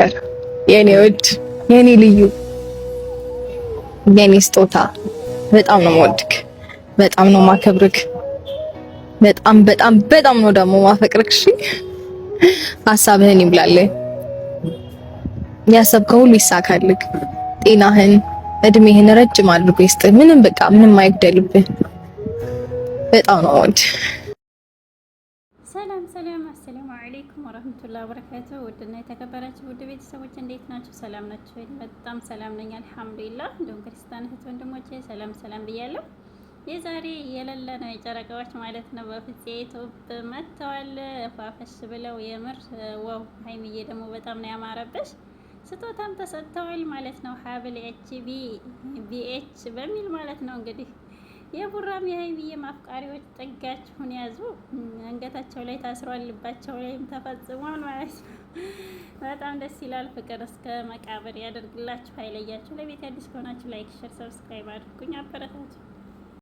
ፍቅር፣ የኔ ውድ፣ የኔ ልዩ፣ የኔ ስጦታ በጣም ነው የምወድክ፣ በጣም ነው ማከብርክ፣ በጣም በጣም በጣም ነው ደግሞ ማፈቅርክ። እሺ ሀሳብህን ይብላል፣ ያሰብከው ሁሉ ይሳካልክ፣ ጤናህን እድሜህን ረጅም አድርጎ ይስጥ። ምንም በቃ ምንም አይጉደልብህ። በጣም ነው የምወድ ሰላም ሰላም፣ አሰላሙ አለይኩም ወረህመቱላሂ ወበረካቱህ። ውድና የተከበራችሁ ውድ ቤተሰቦች እንዴት ናቸው? ሰላም ናቸው? በጣም ሰላም ነኝ አልሐምዱሊላህ። እንዲሁም ክርስቲያን እህት ወንድሞቼ ሰላም ሰላም ብያለሁ። የዛሬ የሌለ ነው የጨረቃዎች ማለት ነው። በፍፄ ቶብ መጥተዋል ፏፈሽ ብለው የምር ዋው። ሀይሚዬ ደግሞ በጣም ነው ያማረበሽ። ስጦታም ተሰጥተዋል ማለት ነው። ሀብል ኤች ቢ ኤች በሚል ማለት ነው እንግዲህ የቡራም የሀይሚዬም ማፍቃሪዎች ጥጋችሁን ያዙ። አንገታቸው ላይ ታስሯል፣ ልባቸው ላይም ተፈጽሟል ማለት ነው። በጣም ደስ ይላል። ፍቅር እስከ መቃብር ያደርግላችሁ፣ አይለያችሁ። ለቤት አዲስ ከሆናችሁ ላይክ፣ ሸር፣ ሰብስክራይብ አድርጉኝ፣ አበረታችሁ